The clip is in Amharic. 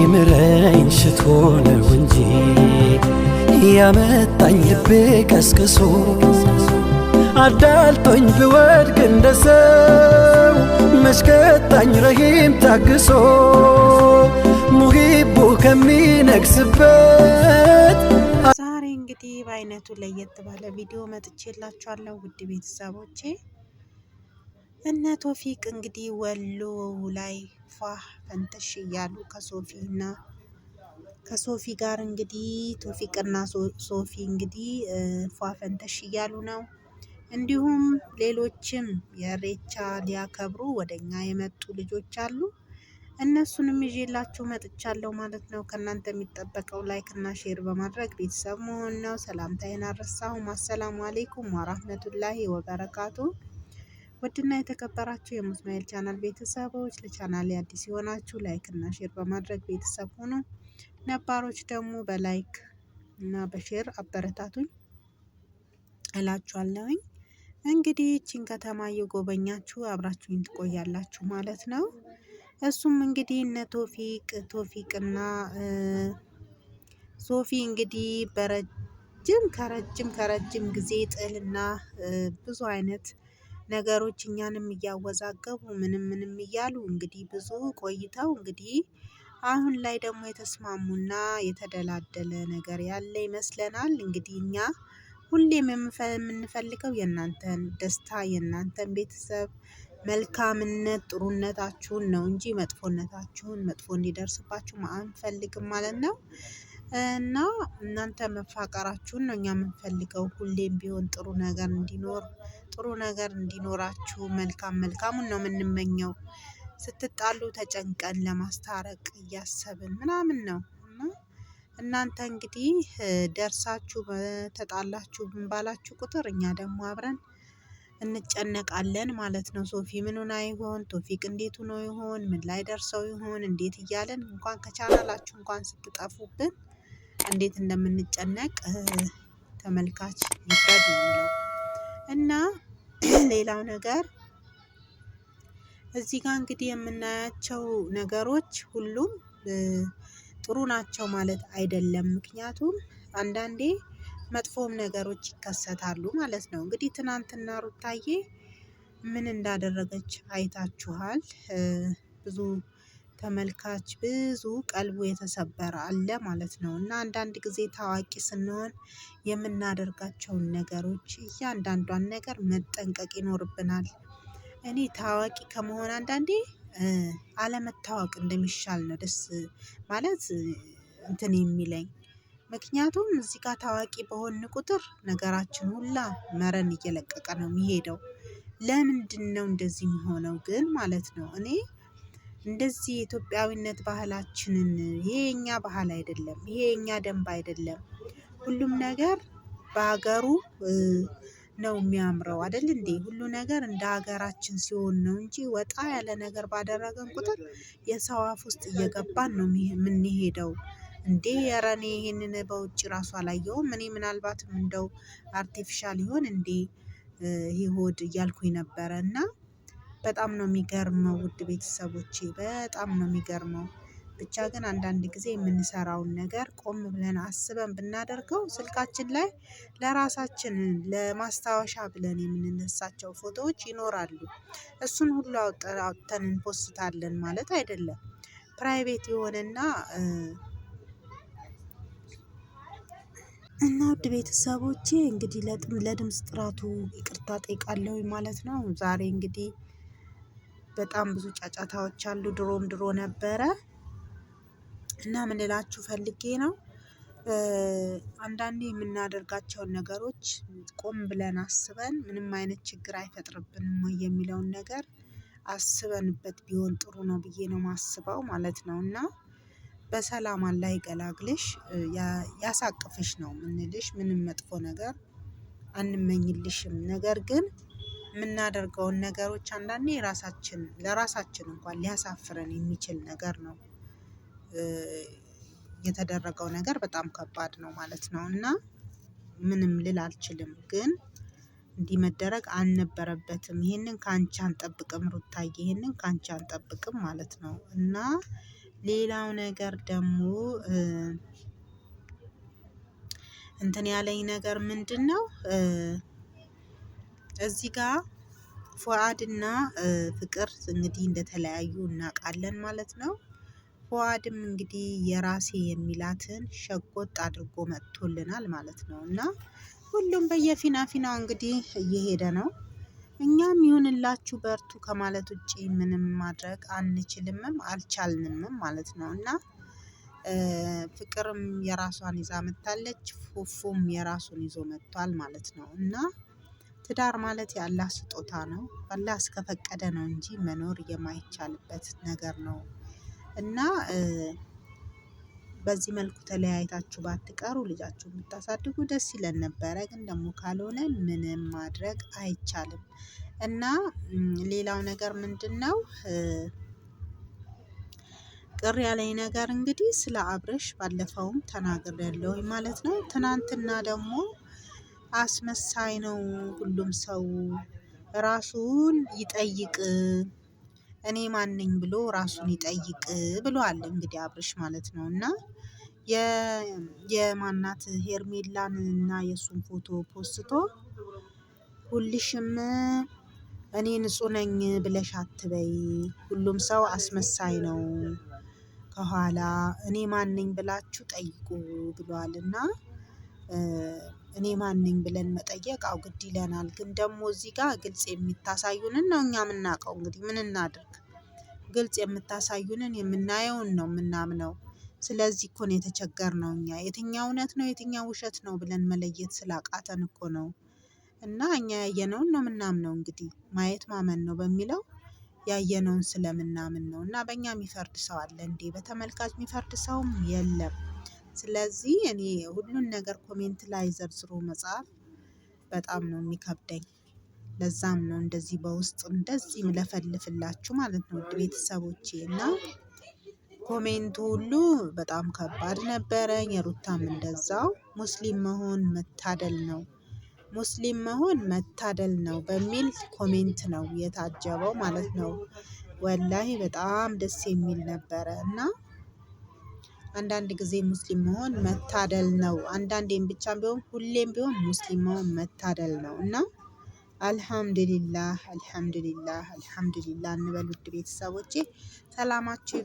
ሲምረኝ ሽቶ ነው እንጂ ያመጣኝ ልቤ ቀስቅሶ አዳልጦኝ ብወድቅ እንደ ሰው መሽከጣኝ ረሂም ታግሶ ሙሂቡ ከሚነግስበት ዛሬ እንግዲህ በአይነቱ ለየት ባለ ቪዲዮ መጥቼላችኋለሁ ውድ ቤተሰቦቼ። እነ ቶፊቅ እንግዲህ ወሎ ላይ ፏህ ፈንተሽ እያሉ ከሶፊ እና ከሶፊ ጋር እንግዲህ ቶፊቅና ሶፊ እንግዲህ ፏ ፈንተሽ እያሉ ነው። እንዲሁም ሌሎችም የሬቻ ሊያከብሩ ወደኛ የመጡ ልጆች አሉ። እነሱንም ይዤላችሁ መጥቻለሁ ማለት ነው። ከእናንተ የሚጠበቀው እና ሼር በማድረግ ቤተሰብ መሆን ነው። ሰላምታዬን አረሳሁም። አሰላሙ አሌይኩም ወራህመቱላሂ ወበረካቱ ውድና የተከበራችሁ የሙስማኤል ቻናል ቤተሰቦች ለቻናል አዲስ የሆናችሁ ላይክ እና ሼር በማድረግ ቤተሰብ ሆኖ ነባሮች ደግሞ በላይክ እና በሼር አበረታቱኝ እላችኋለሁኝ። እንግዲህ ይህችን ከተማ እየጎበኛችሁ አብራችሁኝ ትቆያላችሁ ማለት ነው። እሱም እንግዲህ እነ ቶፊቅ ቶፊቅና ሶፊ እንግዲህ በረጅም ከረጅም ከረጅም ጊዜ ጥልና ብዙ አይነት ነገሮች እኛንም እያወዛገቡ ምንም ምንም እያሉ እንግዲህ ብዙ ቆይተው እንግዲህ አሁን ላይ ደግሞ የተስማሙና የተደላደለ ነገር ያለ ይመስለናል። እንግዲህ እኛ ሁሌም የምንፈልገው የእናንተን ደስታ የእናንተን ቤተሰብ መልካምነት ጥሩነታችሁን ነው እንጂ መጥፎነታችሁን መጥፎ እንዲደርስባችሁ አንፈልግም ማለት ነው። እና እናንተ መፋቀራችሁን ነው እኛ የምንፈልገው። ሁሌም ቢሆን ጥሩ ነገር እንዲኖር ጥሩ ነገር እንዲኖራችሁ መልካም መልካሙን ነው የምንመኘው። ስትጣሉ ተጨንቀን ለማስታረቅ እያሰብን ምናምን ነው እና እናንተ እንግዲህ ደርሳችሁ ተጣላችሁ ብንባላችሁ ቁጥር እኛ ደግሞ አብረን እንጨነቃለን ማለት ነው። ሶፊ ምን ይሆን? ቶፊቅ እንዴት ሆኖ ይሆን? ምን ላይ ደርሰው ይሆን? እንዴት እያለን እንኳን ከቻናላችሁ እንኳን ስትጠፉብን እንዴት እንደምንጨነቅ ተመልካች ይፍረድ ነው የሚለው እና ሌላው ነገር እዚህ ጋር እንግዲህ የምናያቸው ነገሮች ሁሉም ጥሩ ናቸው ማለት አይደለም። ምክንያቱም አንዳንዴ መጥፎም ነገሮች ይከሰታሉ ማለት ነው። እንግዲህ ትናንትና ሩታዬ ምን እንዳደረገች አይታችኋል። ብዙ ተመልካች ብዙ ቀልቡ የተሰበረ አለ ማለት ነው። እና አንዳንድ ጊዜ ታዋቂ ስንሆን የምናደርጋቸውን ነገሮች እያንዳንዷን ነገር መጠንቀቅ ይኖርብናል። እኔ ታዋቂ ከመሆን አንዳንዴ አለመታወቅ እንደሚሻል ነው ደስ ማለት እንትን የሚለኝ ምክንያቱም እዚህ ጋር ታዋቂ በሆን ቁጥር ነገራችን ሁላ መረን እየለቀቀ ነው የሚሄደው። ነው እንደዚህ የሚሆነው ግን ማለት ነው? እኔ እንደዚህ የኢትዮጵያዊነት ባህላችንን ይሄ የኛ ባህል አይደለም፣ ይሄ የኛ ደንብ አይደለም። ሁሉም ነገር በሀገሩ ነው የሚያምረው አይደል እንዴ? ሁሉ ነገር እንደ ሀገራችን ሲሆን ነው እንጂ ወጣ ያለ ነገር ባደረገን ቁጥር የሰው አፍ ውስጥ እየገባን ነው የምንሄደው። እንዴ ኧረ እኔ በውጭ ራሱ አላየውም። እኔ ምናልባትም እንደው አርቲፊሻል ይሆን እንዴ ይህ ሆድ እያልኩኝ ነበረ እና በጣም ነው የሚገርመው ውድ ቤተሰቦቼ በጣም ነው የሚገርመው። ብቻ ግን አንዳንድ ጊዜ የምንሰራውን ነገር ቆም ብለን አስበን ብናደርገው ስልካችን ላይ ለራሳችን ለማስታወሻ ብለን የምንነሳቸው ፎቶዎች ይኖራሉ። እሱን ሁሉ አውጥተን እንፖስታለን ማለት አይደለም። ፕራይቬት የሆነና እና ውድ ቤተሰቦቼ እንግዲህ ለድምፅ ጥራቱ ይቅርታ ጠይቃለሁ ማለት ነው። ዛሬ እንግዲህ በጣም ብዙ ጫጫታዎች አሉ። ድሮም ድሮ ነበረ እና ምንላችሁ ፈልጌ ነው አንዳንዴ የምናደርጋቸውን ነገሮች ቆም ብለን አስበን ምንም አይነት ችግር አይፈጥርብንም ወይ የሚለውን ነገር አስበንበት ቢሆን ጥሩ ነው ብዬ ነው ማስበው ማለት ነው። እና በሰላም አላህ ይገላግልሽ ያሳቅፍሽ ነው ምንልሽ። ምንም መጥፎ ነገር አንመኝልሽም። ነገር ግን የምናደርገውን ነገሮች አንዳንዴ ራሳችን ለራሳችን እንኳን ሊያሳፍረን የሚችል ነገር ነው። የተደረገው ነገር በጣም ከባድ ነው ማለት ነው። እና ምንም ልል አልችልም ግን እንዲህ መደረግ አልነበረበትም። ይህንን ከአንቺ አንጠብቅም ሩታዬ ይሄንን ከአንቺ አንጠብቅም ማለት ነው። እና ሌላው ነገር ደግሞ እንትን ያለኝ ነገር ምንድን ነው? እዚህ ጋር ፉአድ እና ፍቅር እንግዲህ እንደተለያዩ እናውቃለን ማለት ነው። ፎአድም እንግዲህ የራሴ የሚላትን ሸጎጥ አድርጎ መጥቶልናል ማለት ነው እና ሁሉም በየፊና ፊናው እንግዲህ እየሄደ ነው። እኛም ይሁንላችሁ በርቱ ከማለት ውጭ ምንም ማድረግ አንችልምም አልቻልንምም ማለት ነው እና ፍቅርም የራሷን ይዛ መጥታለች። ፉፉም የራሱን ይዞ መጥቷል ማለት ነው እና ትዳር ማለት የአላህ ስጦታ ነው። አላህ እስከፈቀደ ነው እንጂ መኖር የማይቻልበት ነገር ነው እና በዚህ መልኩ ተለያይታችሁ ባትቀሩ ልጃችሁ ብታሳድጉ ደስ ይለን ነበረ። ግን ደግሞ ካልሆነ ምንም ማድረግ አይቻልም እና ሌላው ነገር ምንድን ነው ቅር ያለኝ ነገር እንግዲህ ስለ አብርሽ ባለፈውም ተናግሬያለሁ ማለት ነው። ትናንትና ደግሞ አስመሳይ ነው። ሁሉም ሰው ራሱን ይጠይቅ፣ እኔ ማንኝ ብሎ ራሱን ይጠይቅ ብሏል እንግዲህ አብርሽ ማለት ነው እና የማናት ሄርሜላን እና የእሱን ፎቶ ፖስቶ ሁልሽም እኔ ንጹህ ነኝ ብለሽ አትበይ፣ ሁሉም ሰው አስመሳይ ነው፣ ከኋላ እኔ ማንኝ ብላችሁ ጠይቁ ብሏል እና እኔ ማንኝ ብለን መጠየቅ አው ግድ ይለናል። ግን ደግሞ እዚህ ጋር ግልጽ የምታሳዩንን ነው እኛ የምናውቀው። እንግዲህ ምን እናድርግ? ግልጽ የምታሳዩንን የምናየውን ነው የምናምነው። ስለዚህ እኮ ነው ነው እኛ የትኛው እውነት ነው የትኛው ውሸት ነው ብለን መለየት ስላቃተን እኮ ነው። እና እኛ ያየነውን ነው የምናምነው እንግዲህ ማየት ማመን ነው በሚለው ያየነውን ስለምናምን ነው። እና በእኛ የሚፈርድ ሰው አለ እንዴ? በተመልካች የሚፈርድ ሰውም የለም ስለዚህ እኔ ሁሉን ነገር ኮሜንት ላይ ዘርዝሮ መጻፍ በጣም ነው የሚከብደኝ። ለዛም ነው እንደዚህ በውስጥ እንደዚህ ምለፈልፍላችሁ ማለት ነው ውድ ቤተሰቦቼ እና ኮሜንቱ ሁሉ በጣም ከባድ ነበረኝ። የሩታም እንደዛው ሙስሊም መሆን መታደል ነው ሙስሊም መሆን መታደል ነው በሚል ኮሜንት ነው የታጀበው ማለት ነው። ወላሂ በጣም ደስ የሚል ነበረ እና አንዳንድ ጊዜ ሙስሊም መሆን መታደል ነው። አንዳንዴም ብቻም ቢሆን ሁሌም ቢሆን ሙስሊም መሆን መታደል ነው እና አልሐምዱሊላህ አልሐምዱሊላህ አልሐምዱሊላህ እንበል ውድ ቤተሰቦቼ ሰላማችሁ